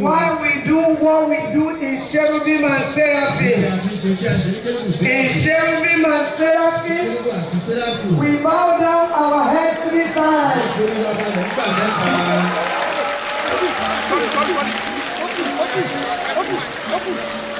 why we do what we do in cherubim and seraphim. in cherubim and seraphim. we bow down our heads three times. Thank you.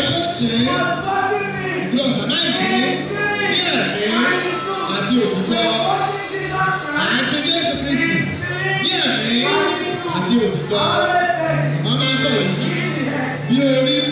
ọdún sí ìgbìlọ̀ sàmáìsì ní ẹ̀mí àti òtítọ́ àìsí Jésù Kristi ní ẹ̀mí àti òtítọ́ àmọ́ máa ń sọ̀rọ̀ bí orí mú.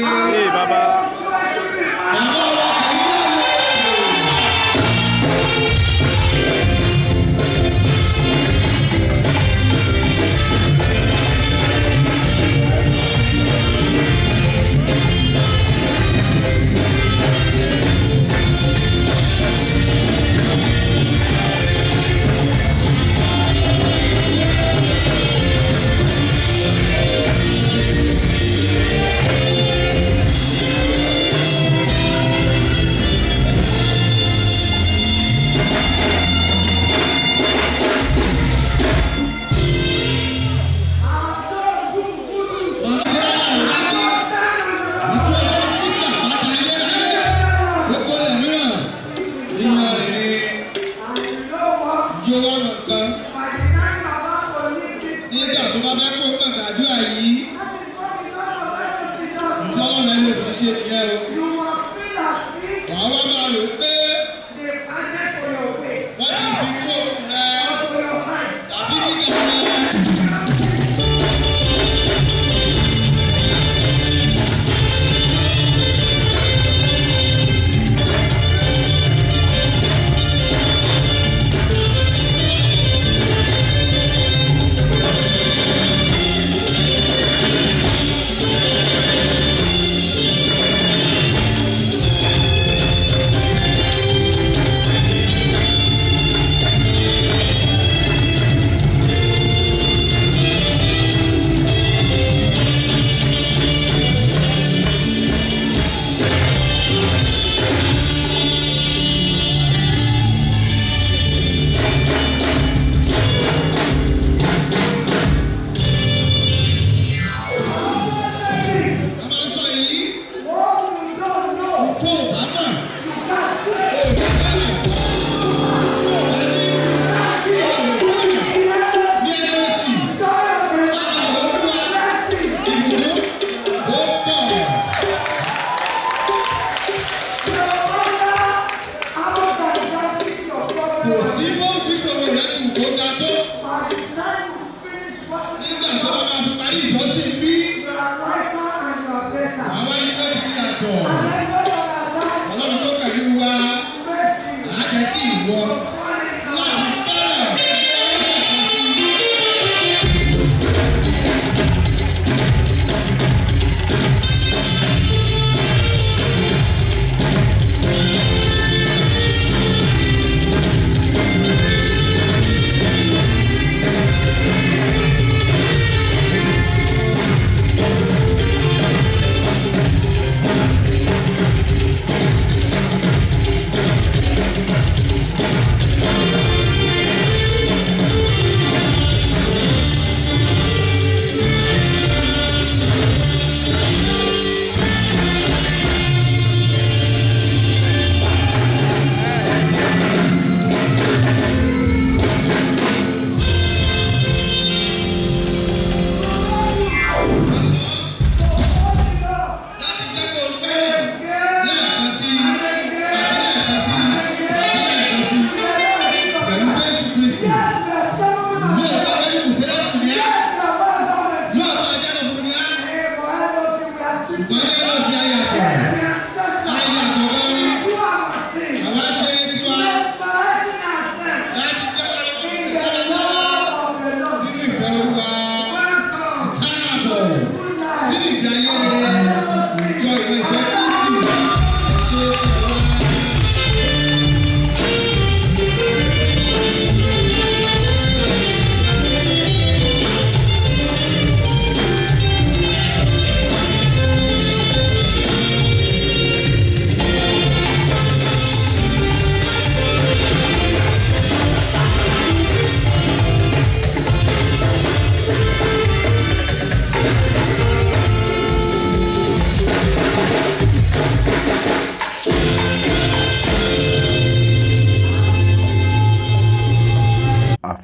Yeah. его